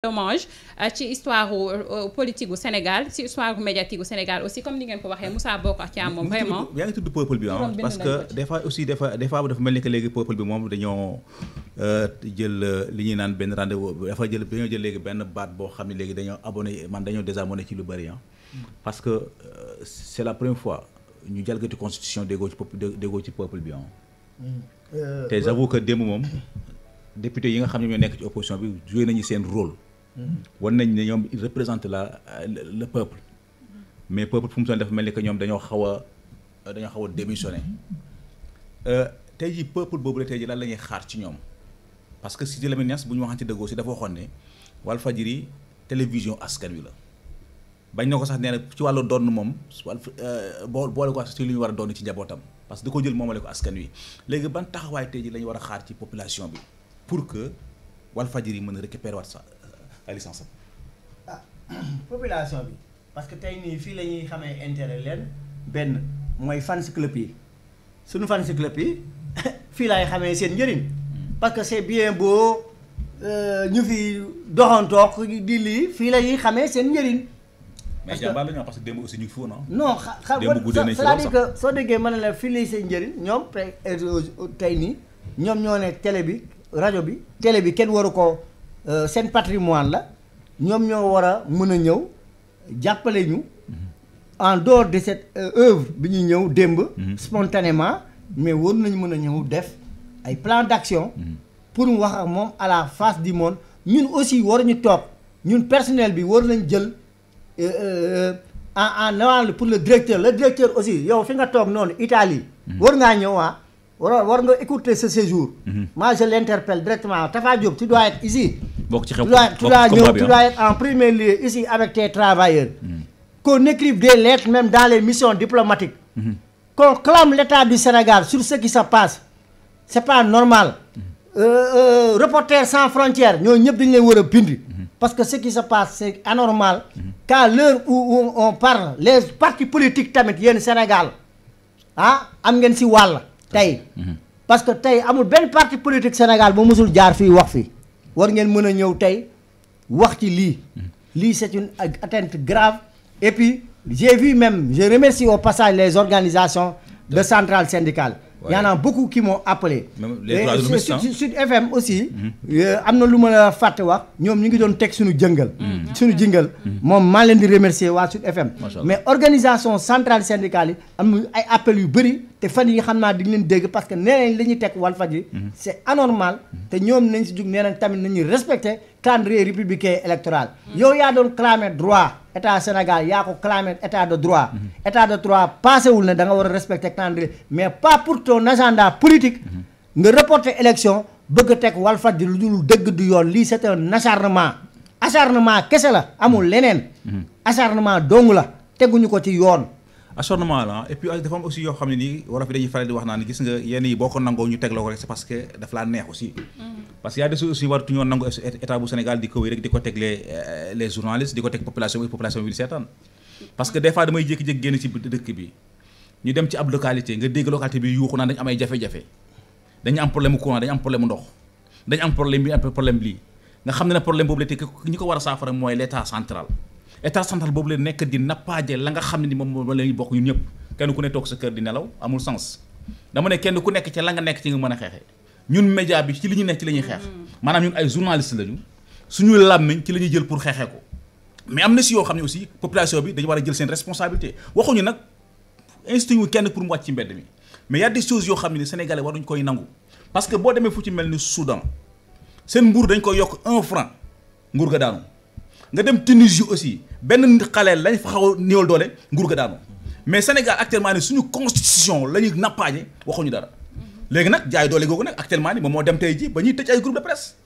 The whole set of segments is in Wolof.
dommage euh, ci histoire euh, euh, politique gu Sénégal ci histoire médiatique gu Sénégal aussi comme ni ngeen ko waxee Moussa Bocar Thiam moom vraiment. yaa ngi tudd peuple bi ah parce que des fois aussi des fois des fois dafa mel ni que léegi peuple bi moom dañoo jël li ñuy naan benn rendez-vous dafa jël dañoo jël léegi benn baat boo xam ne léegi dañoo abonné man dañoo désabonné ci lu bari ah. Mm. parce que c'est la première fois ñu jalgati constitution déggoo ci peuple déggoo ci peuple bi ah. Mm. te j'avoue que démb moom député yi nga xam ne ñoo nekk ci opposition bi joué nañu seen rôle. wan nañ ne ñoom ils représentent la le peuple mais peuple fu mu toll dafa mel ni que ñoom dañoo xaw a dañoo xaw a démissionné euh, tey ji peuple boobu la tey ji lan la ñuy xaar ci ñoom parce que Sidy Lamine Niass bu ñu waxante dëggoo si dafa waxoon ne Walfadjri télévision askan wi la bañ na ko sax nee ci wàllu donn moom wal euh, boo boole ko ci li ñu war a donn ci njabootam parce que da ko jël moomale ko askan wi léegi ban taxawaay tey ji la ñu war a xaar ci population bi pour que Walfadjri yi mën a récupérer waat sax ay licence am ah population bi parce que tey nii fii la ñuy xamee intérêt leen benn mooy fans club yi suñu fans club yi fii laay xamee seen njëriñ hmm. parce que c'est bien beau euh, ñu fi doxantoog di lii fii la ñuy xamee seen njëriñ. mais la ñu parce que aussi ñu ngi fi woon ah. non xam nga cest que soo déggee ma ne leen fii lay seen njëriñ ñoom tey euh, tey nii ñoom ñoo ne tele bi rajo bi télé bi kenn waru ko Euh, seen patrimoine la ñoom ñoo war a mën a ñëw jàppale ñu mhm. en dehors de cette euh, œuvre bi ñuy ñëw démb mhm. spontanément mais war nañu mën a ñëw def ay plan d'action mhm. pour mu wax ak moom à la face du monde ñun aussi war ñu toog ñun personnel bi war nañ jël euh, en en avant pour le directeur la directeur aussi yow fi nga toog noonu Italie war ngaa ñëw waa ah. war war nga écouter ce séjour. Mhm. moi je l' interpelle directement Tafa Diop tu dois être ici. bokk ci xew tu dois ñëw tu ah. dois être en premier lieu ici avec tes travailleurs. Mhm. qu'on écrive des lettres même dans les missions diplomatiques. Mhm. qu'on clame l'état du Sénégal sur ce qui se passe c'est pas normal. Euh, euh, Reporters sans frontières ñoo ñëpp dañu lay war a bind. parce que ce qui se passe c'est anormal. qu'à l'heure où on parle les partis politiques tamit yéen Sénégal ah am ngeen si tey parce que tey amul benn parti politique Sénégal bu mosul jaar fii wax fi war ngeen mën a ñëw tey wax ci lii lii c'est une atteinte grave et puis j'ai vu même je remercie au passage les organisations de centrales syndicales il y en a beaucoup qui m'ont FM aussi mhm. euh, am na lu ma la fàtte wax ñoom ñu ngi doon teg suñu jëngal mhm. suñu jëngal mhm. moom maa leen di remercier waa Sud FM mais organisation centrale syndicale yi am ay appel yu bëri te fan yi xam naa di leen dégg parce que nee nañ li ñuy teg Walfadjri mhm. c' est anormal te ñoom nañ si jug nee nañ tamit nañuy respecté calendrier républicain électoral mhm. yow yaa doon clamé droit état Sénégal yaa ko clamé état de droit mhm. état de droit passé wul ne da nga war a respecté calendrier mais pas pour ton agenda politique nga reporté élection bëgg a teg Walfadjri lu dul dëgg du yoon lii c' est un kese la amul leneen acharnement dong la teguñu ko ci yoon acharnement la et puis euh, dafa am aussi yoo xam ne nii wolof bi dañuy faral di wax naan gis nga yenn yi boo ko nangoo ñu teg la ko rek c'est parce laa neex aussi mm-hmm. parce que y a des aussi waratu ñoo nangu état bu Sénégal di ko rek di ko teg les euh, les di ko teg population bi seetaan parce que des damay jékki-jékki génn ci dëkk bi ñu dem ci ab localité nga dégg localité bi yuuxu naan dañu am ay jafe-jafe dañu am problème courant dañu dañu am problème état central boobu leen nekk di nappaaje la nga xam ni moom moom la ñuy bokk ñun ñëpp kenn ku ne toog sa kër di nelaw amul sens dama ne kenn ku nekk ci la nga nekk ci nga mën a xeexee ñun média bi ci li ñu nekk ci la xeex mm-hmm. maanaam ñun ay journaliste lañu suñu làmmiñ ci la ñuy jël pour xeexee ko mais am na si yoo xam ne aussi population bi dañu war a jël seen responsabilité waxuñu nag incité wu kenn pour mu wàcc ci mbedd mi mais y a des choses yoo xam ne sénégalais waruñu koy nangu parce que boo demee fu ci mel ni Soudan seen mbuur dañ koy yokk un franc nguur ga daanu nga dem Tunisie aussi benn xale lañ fa xaw a doole nguur ga daanu mais Sénégal actuellement ni suñu constitution la ñuy nappaañe waxuñu dara léegi nag jaay doole googu nag actuellement ni moom moo dem tey ji ba ñuy tëj ay groupe de presse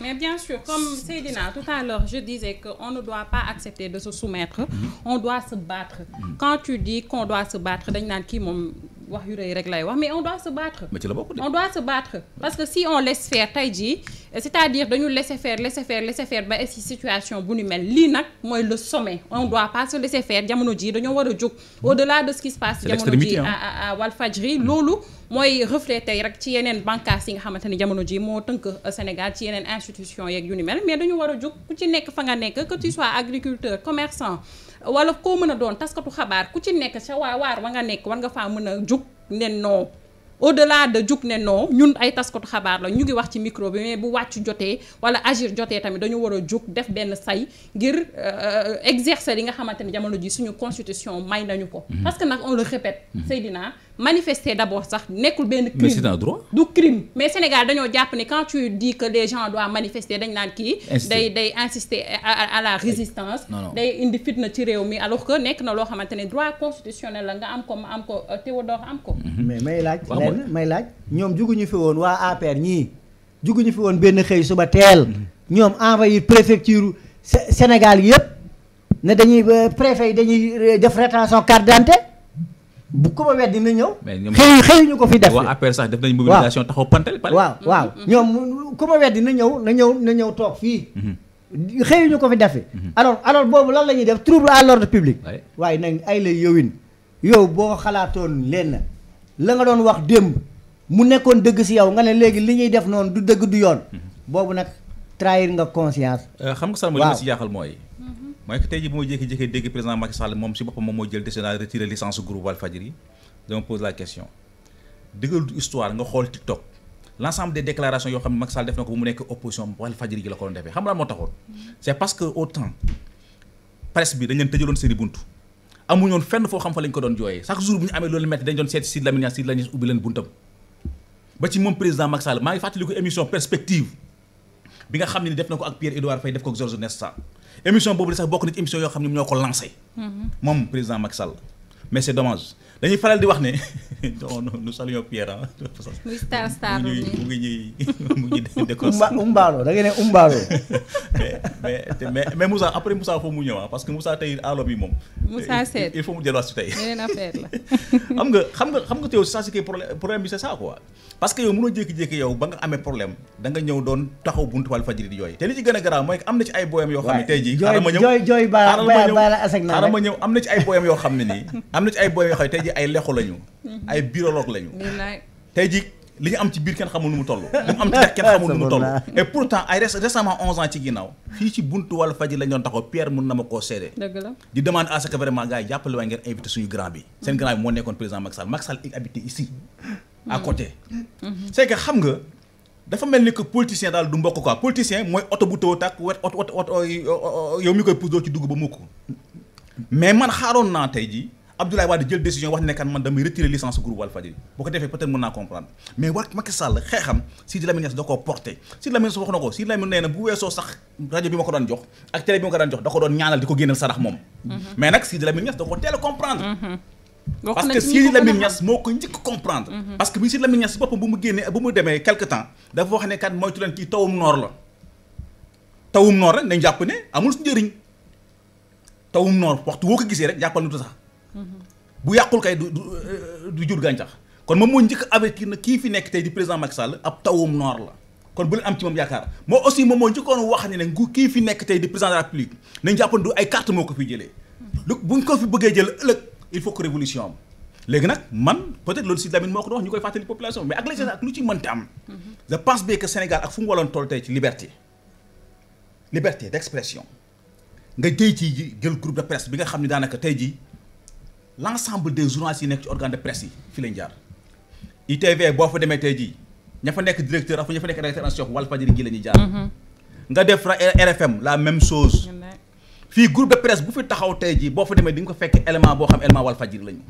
mais bien sûr comme Seydina tout à l'heure je disais que on ne doit pas accepter de se soumettre mm-hmm. on doit se battre mm-hmm. quand tu dis qu'on doit se battre dañ naan kii moom wax yu rëy rek lay wax mais on doit se battre. ma ci la bokk de. on doit se battre parce que si on laisse faire tey jii c'est-à-dire dañu laisser faire laisser faire laisser faire ba si situation bu ni mel lii nag mooy le sommet on doit pas se faire jamono jii dañoo war a jóg au-delà de ce qui se passe. jamono jii à à loolu. mooy reflété tey rek ci yeneen bànqaas yi nga xamante ni jamono jii moo tënk euh, Sénégal ci yeneen institution yeeg yu ni mel mais dañu war a jóg ku ci nekk fa nga nekk que tu sois agriculteur wala koo mën a doon taskatu xabaar ku ci nekk sa waar wa nga nekk war nga faa mën a jóg ne no au delà de jug ne non ñun ay taskatu xabaar la ñu ngi wax ci micro bi mais bu wàccu jotee wala agir jotee tamit dañu war a jug def benn say ngir euh, exercer li nga xamante ni jamono ji suñu constitution may nañu ko. Mm-hmm. parce que nag on le répète. Mm-hmm. Seydina manifester d'abord sax nekkul benn crime mais c'est mais Sénégal dañoo jàpp ni quand tu dis que les gens manifester dañ naan kii day day insister à la résistance day indi fitna ci réew mi alors que nekk na loo xamante ne droit constitutionnel la nga am ko ma am ko euh, Théodore am ko mhm. mais may laaj lenn may laaj ñoom juguñu fi woon waa APR ñii juguñu fi woon benn xëy suba teel ñoom envahir préfecture Sénégal yëpp ne dañuy euh, préfet yi dañuy euh, def rétention carte bu ku ma weddi na ñëw. xëy xëy ñu ko fi def. waaw APR sax def nañ mobilisation taxaw pantal. waaw mm-hmm. waaw mm-hmm. ñoom ku ma weddi na ñëw na ñëw na ñëw toog fii. Mm-hmm. xëy ñu ko fi defe alors alors boobu lan la ñuy def trouble à l'ordre public. waaye nag ay la yowin yow boo xalaatoon lenn la nga doon wax démb mu nekkoon dëgg si yow nga ne léegi li ñuy def noonu du dëgg du yoon. boobu nag trahir nga conscience. Euh, xam nga sax ma li ma si jaaxal mooy. mooy tey jii bu ma jékki-jékki dégg président Macky Sall moom si boppam moom moo jël décision de retirer licence groupe Walfadjri dama pose la question dëggal histoire nga xool TikTok l' ensemble des déclarations yoo xam ne Macky Sall def na ko bu mu nekk moo taxoon. c' parce que au temps presse bi dañ leen tëjaloon seen buntu amuñu fenn foo xam fa lañ ko doon jooyee chaque jour bu ñu amee loolu métti dañ doon seet Sidy Lamine Niass Sidy ubbi leen buntam ba ci moom président Macky Sall maa ngi fàttaliku émission perspective bi nga xam ne def na ko ak émission boobu la sax bokk na ci émission yoo xam ne ñoo ko lancé. Mm-hmm. moom président Macky Sall. mais c'est dommage dañuy faral di wax ne non nous saluons Pierre ah. muy star star mu ngi mu ngi ñuy décos. Umbaalo da ngeen ne Umbaalo. mais mais mais Moussa après Moussa foofu mu ñëw parce que Moussa tey aalo bi moom. Moussa seet il faut mu delluwaat si tey. yeneen affaire la. xam nga xam nga xam nga te yow saa si kay problème problème bi c'est ça quoi. parce que yow mënoo jékki-jékki yow ba nga amee problème da nga ñëw doon taxaw buntu wàllu fajiri di jooy. te li ci gën a garaaw mooy am na ci ay booyam yoo xam ne tey jii. xaaral ma ñëw jooy jooy baala baala aseg naa xaaral ma ñëw am na ci ay booyam yoo xam ne nii am na ci ay booy mhm. mu toll li mu am ci dex kenn xamul nu mu ay récemment onze na ma koo seede di demande à ce que vraiment gars mhm. Mhm. xam nga dafa mel ni que politicien daal du mbokk quoi politicien mooy oto bu wet oto oto yow mi koy pousse ci dugg ba mukk mais man xaaroon naa tey ji Abdoulaye Wade jël décision wax ne kan man damay retirer licence groupe Walfadjri boo ko defee peut-être naa comprendre mais da koo porté Sidi Lamine Niass wax na ko ma ko daan jox ak télé bi ma da ko doon ñaanal di ko génneel sarax mhm. ko teel comprendre mhm. parce que Sidi Lamine Niass moo ko njëkk comprendre mhm. parce que bi Sidi Lamine Niass si boppam bu mu demee quelque temps dafa wax ne kan moytu leen tawum noor la tawum noor rek nañ jàpp ne amul njëriñ tawum noor waxtu woo ko gisee bu yàqul kay du du jur gàncax kon moom moo njëkk avertir na kii fi nekk tey di président Macky Sall ab tawum noor la kon bu leen am ci moom yaakaar moo aussi moom moo njëkkoon wax ne ne ngu kii fi nekk tey di président de la République nañ jàppoon du ay carte moo ko fi jëlee lu buñ ko fi bëggee jël ëllëg il faut que révolution am léegi nag man peut-être loolu si Lamine moo ko wax ñu koy fàttali population mais ak léegi ak lu ci mënti am je pense bien que Sénégal ak fu mu waloon toll tey ci liberté jël groupe de presse bi nga xam ne daanaka tey jii l' ensemble des journalistes yi nekk ci organe de presse yi fi lañ jaar ITV boo fa demee tey jii ña fa nekk directeur ak ña fa nekk rédacteur en chef Walfadjri gi la ñuy jaar. Mhm. nga def RFM la même chose. fii groupe de presse bu fi taxaw tey jii boo fa demee di nga ko fekk élément boo xam élément Walfadjri lañu.